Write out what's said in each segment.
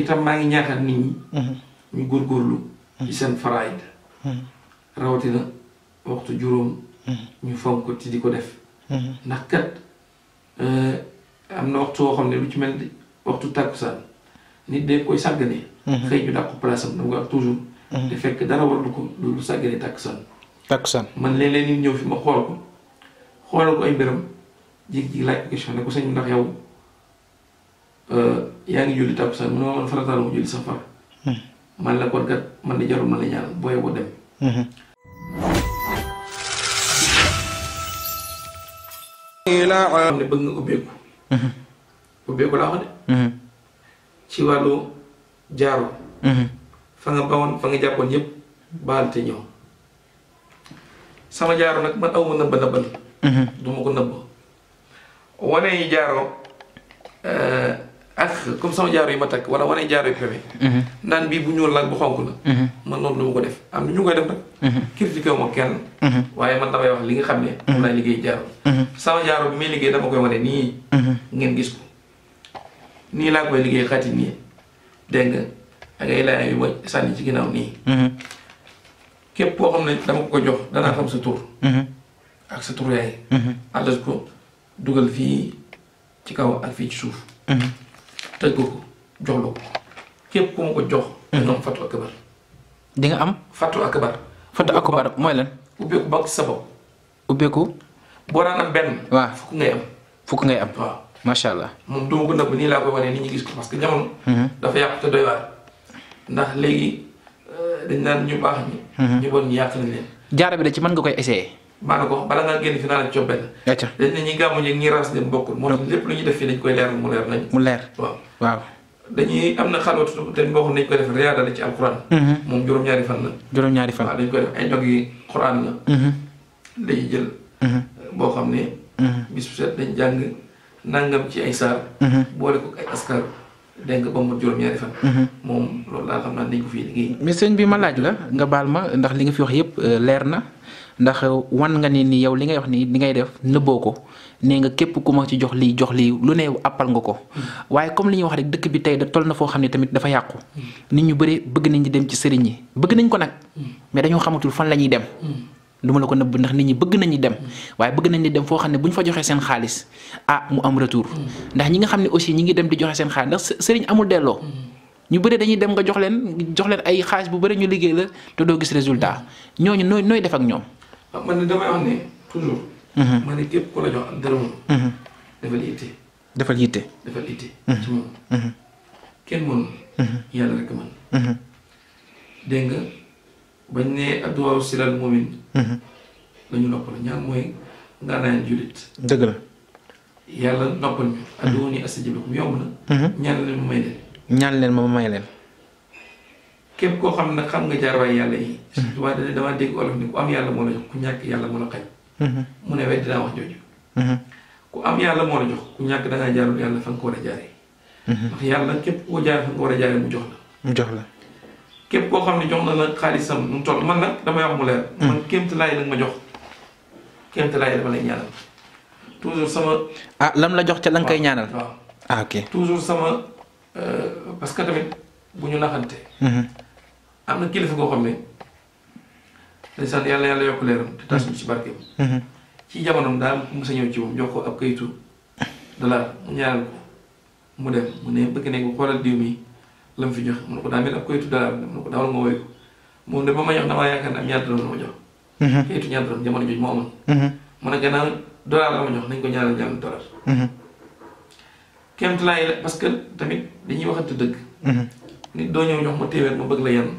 itam maa ngi ñaaxal nit ñi mhm. ñu góorgóorlu ci mhm. seen faraayda mhm. rawatina waxtu juróom ñu fonk ko ci di ko def ndax kat euh, am na waxtu woo xam ne lu ci mel ni waxtu tàkkusaan nit de koy sàgganee xëy ñu dàqu place am dama koy wax toujours te fekk dara warlu ko loolu sàgganee tàkkusaan man léeg leen nit ñëw fi ma xool ko xoolal ko ay mbiram jékki-jékki laaj ko ko sëñ ndax yow yaa ngi julli tàpp sax mu man farataal mu julli sax hmm. man la kon kat man di jarul man la ñaan booy boo dem hmm. hmm. ci wàllu jaaru fa nga bawoon fa jàppoon yépp baal te ñëw sama jaaro nag man aw ma nëbba nëbbal ko nëbb wane jaaro eh, ak comme sama jaaro yi ma takk wala wane jaaro yu pewe mhm. naan bii bu ñuul la bu xonk la man loolu du ma ko def am na ñu koy def nag mhm. critiqué wu ma kenn mhm. waaye man damay wax li nga xam ne mun naa liggéey jaaro sama jaaro bi may liggéey dama koy wane nii ngeen gis ko nii laa koy liggéey xati nii dégg nga ak ay laaj yu ma sànni ci ginnaaw nii képp koo xam ne dama ko ko jox danaa xam sa tur ak sa tur yaay adresse ko dugal fii ci kaw ak fii ci suuf tëj ko jox la ko képp ku ma ko jox. dina am fatu akbar. di nga am. fatu akbar. fatu akbar mooy lan. ubbeeku ba sa bopp. ubbeeku. boo daan am benn. waaw fukk ngay am. fukk ngay am ko ñi gis ko parce que jamono. Mhm. dafa yàq te doy waar. ndax léegi euh, dañ naan ñu baax ñi. Mhm. ñu bon ñu yàq da ci nga koy essayer. maa ko bala ngaa génn fi naa leen jox benn. dañ ne ñi gàmmu ñi ñi lépp lu ñuy def fii dañ koy leer mu leer nañ. mu leer waaw dañuy am na xalwatu dañ boo xam nañ koy la ci alquran. Mm-hmm. moom juróom-ñaari fan la. juróom-ñaari fan waaw dañ koy def ay ndog yi quran la. Mm-hmm. dañuy jël. Mm-hmm. boo xam ne. bis bu set dañ jàng nangam ci ay saar. boole ko ay askar. dégg nga ba mu juróom-ñaari fan. Mhm. bi ma laaj la nga baal ma ndax li nga fi wax yëpp euh, leer na ndax euh, wan nga ni ni yow li ngay wax nii li ngay def nëbboo ko nee nga képp ku ma ci jox lii jox lii lu ne appal nga ko. Mhm. waaye comme li ñuy wax rek dëkk bi tey da toll na foo xam ne tamit dafa yàqu. Mhm. nit ñu bëri bëgg nañ di dem ci sëriñ yi bëgg nañ ko nag. mais dañoo xamatul fan la ñuy dem. du ma la ko nëbb ndax nit ñi bëgg nañu dem waaye bëgg nañu dem foo xam ne bu ñu fa joxee seen xaalis ah mu am retour ndax ñi nga xam ne aussi ñi ngi dem di joxe seen xaalis ndax sëriñ amul delloo ñu bëri dañuy dem nga jox leen jox leen ay xaalis bu bari ñu liggéey la te doo gis résultat ñooñu nooy nooy def ak ñoom. Ah, man ne damay wax ne toujours. Mhm. bañ ne adduwaaw silal mumin mhm. lañu noppal ñaan mooy nga naan jullit dëgg la yàlla noppal ñu mhm. adduwaaw nii astajib lakum yomb na mhm. leen ma may leen koo xam nag xam nga jaar waaye yàlla waa dana damaa dégg olof moo ku ñàkk yàlla moo la mu ne wet yàlla moo la jox ku ñàkk dangaa jaarul yàlla fa nga ko war a jaaree ndax yàlla képp koo jaar fa nga war a jaaree mu jox la mu jox la képp koo xam ne jox na la xaalisam mu toll man nag damay wax mu leer. Hmm. man kéemtu nag ma jox kéemtu laay lay ñaanal toujours sama. ah lam la jox ca lan nga koy ñaanal. ah ok sama euh, parce que tamit bu ñu naxante. Hmm. am na kilifa koo xam ne yàlla yàlla yokk leeram te tas ñu ci barkeem. Hmm. ci jamonoom daal mu sa ñëw ci moom jox ko ab kayitu dollar mu ñaanal ko mu dem mu ne bëgg nekk xoolal diw mi. la mu fi joxe mun na ko daa mel ab kayitu daal mun na ko daawal ma woy ko moom de ba ma jox damaa yaakaar ne am la ma jox. Mhm. kayitu ñaar dërëm jamono jooju mhm. mhm.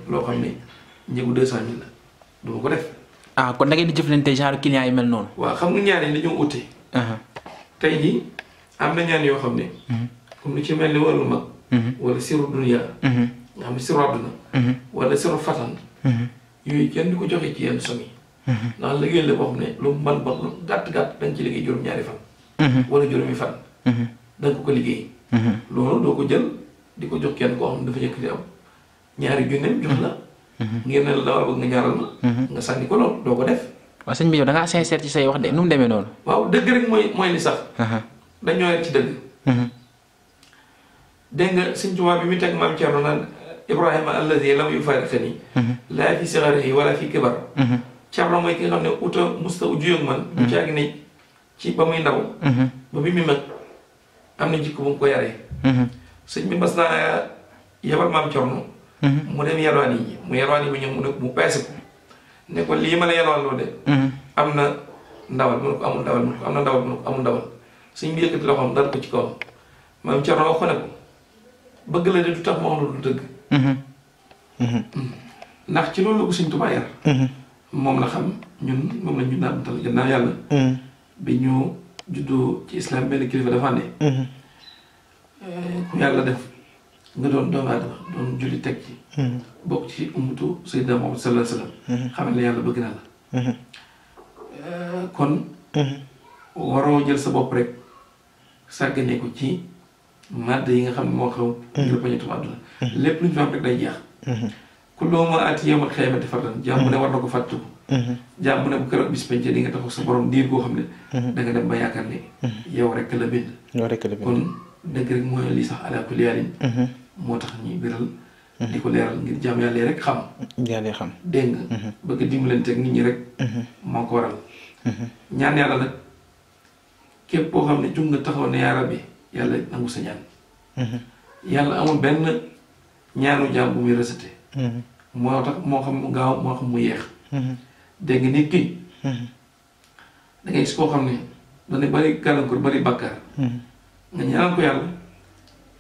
loo xam ne njëgu deux cent mille ko def. ah kon da ngeen di jëflante genre client yi mel noonu. waaw xam nga ñaar ñaan yoo xam ne. comme lu ci mel ni wàllu mag. Mhm. wala siru dunya nga mhm. xam siru aduna mhm. wala siru fatan yooyu kenn di ko joxe ci yenn somi na liggéey la boo xam ne lu man ba lu gàtt gàtt dañ ci liggéey juróom ñaari fan wala juróomi fan dañ ko ko liggéey lolu do ko jël di ko jox kenn ko xam dafa dafa ci am ñaari junneem jox la ngir ne la dawal bëgg nga ñaaral ma nga sandi ko lolu do ko def wa sëñ bi yow da nga sincère ci say wax de num mu non waaw deug rek moy moy li sax ñoy ci deug dégg nga sëñ Tuubaa bi muy teg maam Cerno naan Ibrahima allazi lam yufaariqni mhm. laa fi sigarihi wala fi kibar mhm. Cerno mhm. na jikko bu mu ko yaree sëñ bi mas naa yebal maam yi mu yelwaan yi bu na ndawal mu ne ci kawam maam Cerno wax ko ne bëgg la de du tax ma wax la du dëgg. Mhm. Mhm. ndax ci loolu la ko sëñ mhm. moom la xam ñun moom la ñu naan tal gannaaw yàlla. bi ñu juddoo ci islam benn kilifa dafa ne. Eh, yàlla def nga doon doomu aadama doon julli teg ci. bokk ci sa Seydina Muhammad sallallahu alayhi wa sallam. xam ne yàlla bëgg na la. Eh, kon. waroo jël sa bopp rek sàggane ko ci. màdd yi nga xam ne moo xaw mm-hmm. ngir bañatum mm-hmm. àdduna lépp lu ñu fi am rek day jeex mm-hmm. ku loo ma at yow ma xeemati fardan jàmm ne war na ko fàttiku jàmm ne bu keroog bis penc di nga taxaw sa borom diir goo xam ne da nga dem ba yaakaar ne yow rek la bind yow rek la bind kon dëgg rek mooy li sax ala kulli yaalin moo tax ñuy biral di ko leeral ngir jàmm yàlla rek xam yàlla xam dégg nga bëgg a dimbalante ak nit ñi rek moo ko waral ñaan yàlla nag képp koo xam ne jug nga taxaw ne yaa rabbi yalla nangou sa ñaan mm-hmm. yalla amul ben ñaanu jaam bu muy hmm mo tax mo xam gaaw mo xam mu yeex hmm deg nit ki mm-hmm. da ngay ko xamne xam ne bari gàllankoor bari hmm nga ñaan ko yalla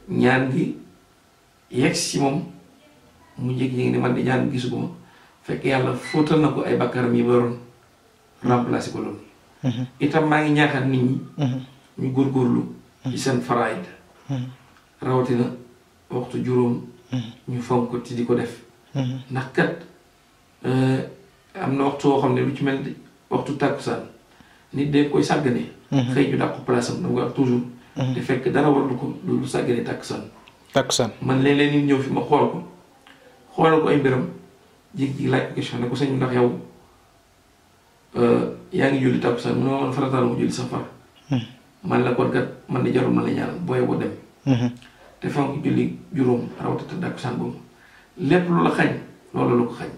ñaan gi yex ci mom mu njëkk ñi ni man di ñaan gisu fekk yalla fotal nako ay bakkar mi waron remplacé ko loolu mm-hmm. itam maa ngi ñaaxaat nit ñi ñu ci seen faraid rawatina waxtu juróom ñu fonk ko ti di ko def ndax kat eh, am na waxtu woo xam ne lu ci mel ni waxtu tàkkusaan nit day koy sàggane xëy ñu dàq ko place am dama ko wax toujours te fekk dara warlu ko loolu sàggane tàkkusaan tàkkusaan man léeg leen nit ñëw fi ma xool ko xoolal ko ay mbiram jig ji laaj ko question ne ko sëñ ndax yow eh, yaa ngi julli tàkkusaan mu ne ma man farataal mu julli safar man la kon man di jarul man la ñaan booy boo dem. Mhm. te fonk julli juróom rawatina takkusaan boobu lépp lu la xañ loolu la ko xañ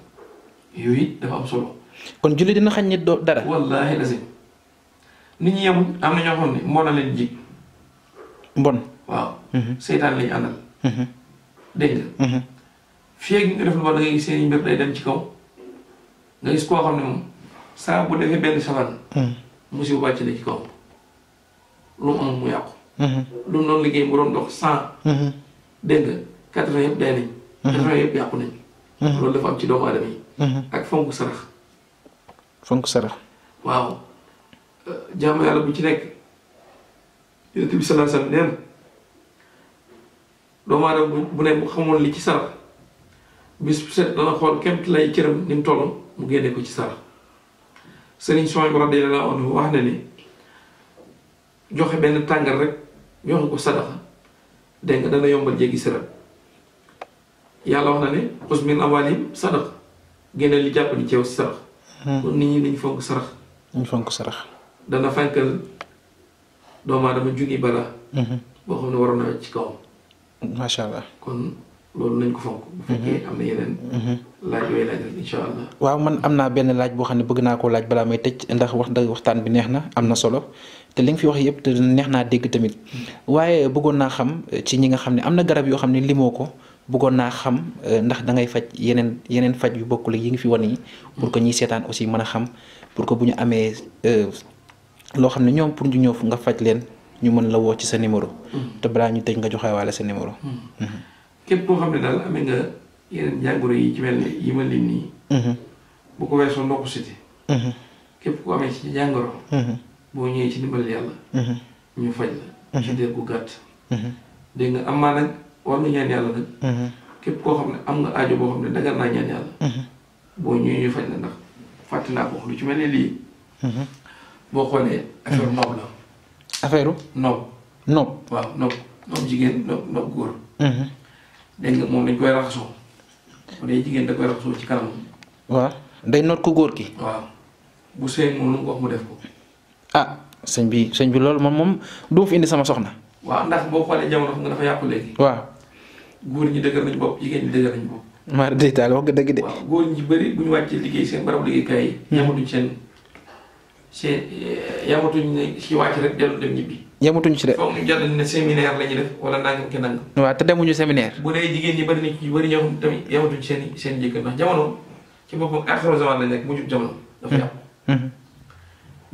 yooyu it dafa am solo. kon julli dina xañ nit doo dara. wallaahi la si nit ñi yemuñ am na ñoo xam ne mbon a leen jig. mbon waaw. Mhm. seytaan lañu àndal. Mhm. dégg nga. fii ak ñu def lu ba da ngay gis seen mbir day dem ci kaw nga gis koo xam ne moom saa bu defee benn safaan. musiba wàcc na ci kaw. lu mu am mu yàqu. Mhm. lu mu doon liggéey bu doon dox cent. Mhm. dégg nga quatre vingt yëpp dee nañ. Mhm. quatre yëpp yàqu nañ. loolu dafa am ci doomu aadama yi. ak fonk sarax. fonk sarax. waaw euh, jaamu yàlla bu ci nekk yonent bi sallallahu alayhi wasallam nee na doomu bu ne bu xamoon li ci sarax bis bu set dana xool kemt lay cëram ni mu mu génne ko ci sarax Sëriñ Sohaybu radiyallahu anhu wax na ni. joxe benn tàngal rek joxe ko sadaxa dégg nga dana yombal jéggi sirat yàlla wax na ne xus min amwaalihim sadaxa génneel li jàpp li ceew si sarax hmm. kon nit ñi fonk sarax nañ fonk sarax dana fànkal doomu aadama junni balaa hmm. boo xam ne waroon na ci kawam macha allah kon loolu nañ ko fonk bu hmm. fekkee am na yeneen laaj yooyu laaj allah waaw man am naa benn laaj boo xam ne bëgg naa ko laaj balaa may tëj ndax wax da waxtaan bi neex na am na solo te li nga fi wax yëpp te neex naa dégg tamit waaye bëggoon naa xam euh, ci ñi nga xam ne am na garab yoo xam ne limoo ko bëggoon naa xam euh, ndax da ngay faj yeneen yeneen faj yu bokkul yi ngi fi wan yi pour que ñiy seetaan aussi mën a xam pour que bu ñu amee euh, loo xam ne ñoom pour ñu ñëw nga faj leen ñu mën la woo ci sa numéro. Mm-hmm. te balaa ñu tëj nga joxe waale sa numéro. Mm-hmm. Mm-hmm. képp koo xam ne daal amee nga yeneen jàngoro yi ci mel yi ma lim nii. bu ko weesoo ndoxu siti képp ku amee ci boo ñëwee ci ndimbal yàlla. Mhm. ñu faj la. Mhm. ci diir gu gàtt. Mhm. dégg nga am maa nag war nga ñaan yàlla nag. képp koo xam ne am nga aajo boo xam ne dagar naa ñaan boo ñëwee ñu faj la ndax fàtte naa ko lu ci mel ne lii. boo xoolee affaire noob la. affaire noob. noob waaw noob noob jigéen noob góor. dégg nga moom dañ koy raxasoo bu dee jigéen da koy raxasoo ci kanam. waa day noot ko góor ki. waaw bu sëy moom lu mu wax mu def ko. ah sëñ bi sëñ bi loolu moom moom du fi indi sama soxna. waaw ndax boo xoolee jamono xam nga dafa yàqu léegi. waaw góor ñi dëgër nañ bopp jigéen ñi dëgër nañ maa day taal wax nga dëgg de. waaw góor ñi bëri bu ñu wàccee liggéey seen barabu liggéeykaay yi. Hmm. yamatuñ seen seen yamatuñ ne si wàcc rek dellu dem ñibbi. ci de. foog ñu jàll ne la ñuy wala nangam ke nangam. demuñu séminaire. bu dee jigéen ñi na ñu bëri ñoo xam tamit yamatuñ seen seen jëkkër ndax jamono ci boppam artisanat lañ nekk mu jub jamono dafa hmm. yàqu hmm.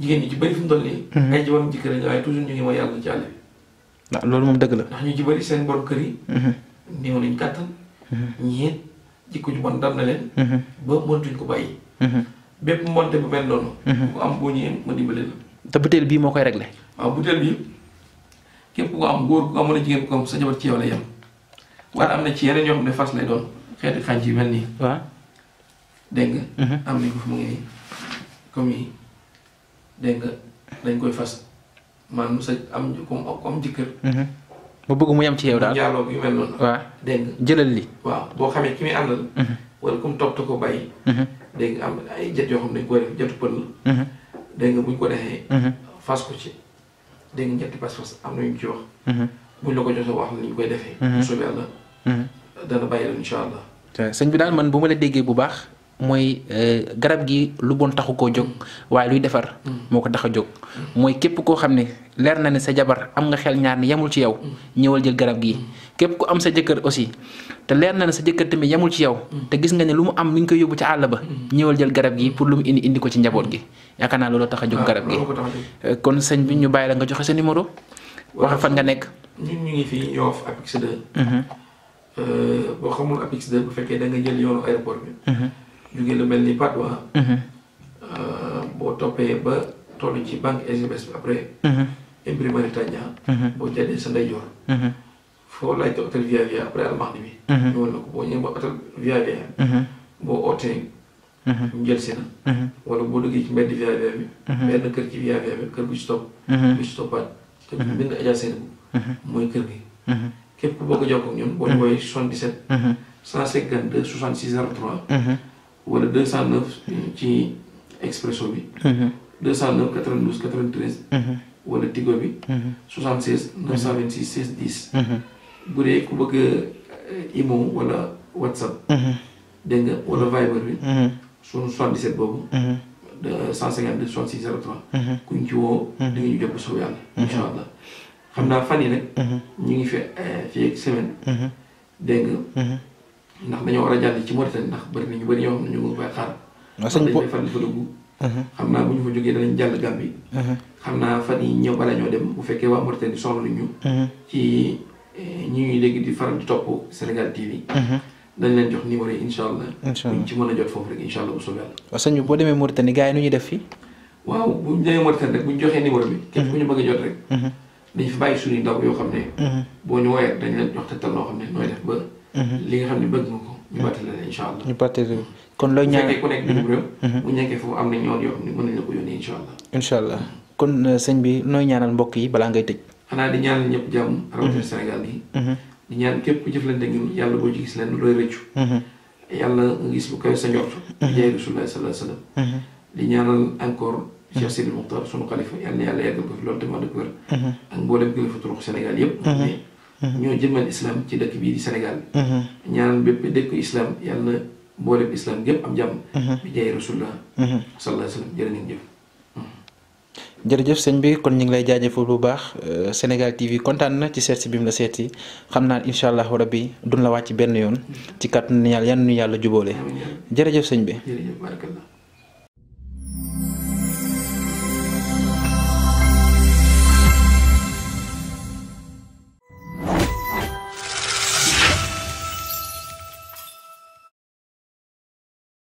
jigen ñi ci bari fu mu toll nii. Mhm. ay jabaram jëkkër lañ ay toujours ñu ngi mooy yalla ci àll bi. waaw loolu moom dëgg la. ndax ñu ci bari seen borom kër yi. Mhm. néew nañ kàttan. ci mhm. ku ju bon dam na leen. ba tuñ ko bàyyi. bepp monté bu mel non ku am bo ñeen ma dimbale la. ta butel bi mo koy régler wa butel bi képp ko am goor ko amoon na jigéen ku am sa jabar ci yow la yam wa am na ci yeneen yoo xamne fas lay doon xéti xanj yi melni wa deng nga. am ni ko fu mu ngi comme dégg nga dañ koy fas man mu sa am comme comme jëkkër. Mhm. mu bëgg mu yem ci yow daal jaaloo yu mel noonu. waaw dégg jëlal li. waaw boo xamee ki muy àndal. Mhm. wala comme topp te ko bàyyi. Mhm. dégg nga am ay jët yoo xam ne dañ koy def jëtu nga buñ ko defee. fas ko ci dégg nga ñetti pas-pas am na ñu ci buñ la ko joxee wax la ñu koy defee. bu soobee yàlla. dana bàyyi la incha allah. sëñ bi daal man bu ma la déggee bu baax. moy eh, garab gi lu bon taxu jog jóg waaye luy defar moko ko jog moy kep ko xamne ne leer na ne sa jabar am nga xel ñaar ni yamul ci yow ñewal jël garab gi kep ko am sa jëkkër aussi te leer na ne sa jëkkër tamit yamul ci yow te gis nga ne lu mu am ni ngi koy yóbbu ci Allah ba ñewal jël garab gi pour lu mu indi indi ko ci njabot gi yakana lolu taxa jog ah, garab gi eh, kon señ bi ñu bàyyi la nga joxe sa numéro waxe fa nga nek ñun ñu ngi fii Yoff Apix 2 bo xamul Apix 2 bu fekke da nga jël yoonu aéroport bi mhm. jóge lu mel ni Padois. Mm-hmm. Euh, boo toppee ba toll ci banque SMS bi après. Mm-hmm. imprimerie Tania. Mm-hmm. boo jëlee sa ndeyjoor. foo laajte hôtel Via Via après almaxni bi. ñëwal na boo ñëwee ba hôtel Via Via. boo ootee. ñu jël si boo duggee ci mbedd Via Via bi. benn kër ci Via Via bi kër gu ci topp. gu ci toppaat te bu bind Adja Seynabou. mooy kër gi. képp ku bëgg a jokkoo ñun. boo ñu woowee 77. 152 66 03. wala 209 ci expresso bi. 209 92 93. wala tigo bi. 76 926 16 10. bu dee ku bëgg euh, imo wala whatsapp. Mhm. dégg nga wala Viber bi. Mhm. sunu 77 boobu. Mhm. de 152 66 03. kuñ ci woo. di ñu jot soow yàlla. xam naa fan yi nag. ñu ngi fi euh, fii ak semaine. dégg ndax dañoo war a jàll ci Mauritanie ndax bëri na ñu bëri ñoo xam ne ñu ngi fay xaar. Mhm. ñu fa jógee danañ jàll Gambie. Mhm. xam naa fan yii ñëw bala ñoo dem bu fekkee waa Mauritanie soxla nañu. Mhm. ci eh, ñi ñuy léegi di faral di topp Sénégal TV. dañ leen jox numéro yi incha allah. incha allah ci a jot foofu rek incha allah bu soobee yàlla. waaw sëñ bi boo demee Mauritanie gars yi nu ñuy def fii. waaw bu ñu demee Mauritanie rek bu ñu joxee numéro bi. képp ku ñu bëgg a jot rek. dañ fi bàyyi suñuy ndaw yoo xam ne. boo ñu woowee dañ leen jox tegtal loo xam ne nooy def ba Mhm. li nga xam ne bëgg nga ko. ñu battali la allah. ñu battali bu fekkee ku nekk mhm. foofu am na ñoon yoo xam ne mën nañ la ko yónnee incha allah. incha allah kon euh, sëñ bi nooy ñaanal mbokk yi balaa ngay tëj. xanaa di ñaanal ñëpp jàmm. rawatina mhm. Sénégal yi. di ñaan képp ku jëflante nga gis bu di jaay Rasulullah sallallahu alayhi wa sallam. di xalifa yàlla na yàlla yàggal ko fi loolu tamit wax dëgg wér. ak mboolem kilifa turuq Sénégal yëpp. ñoo mhm. jëmmal islam ci dëkk bii di Sénégal. ñaan mhm. bépp dëkk islam yàlla mboolem islam gépp am jàmm. Mhm. bi jaay rasulullah. sallallahu alayhi wasallam sallam jërë ngeen jëf. jërëjëf sëñ bi kon ñu ngi lay jaajëfal bu baax euh, Sénégal TV kontaan na ci seet bi mu la seet si xam naa incha allah rabbi duñ la wàcc benn yoon ci kàttanu yàlla yan nu yàlla jubóole jërëjëf sëñ bi. jërëjëf barakallah.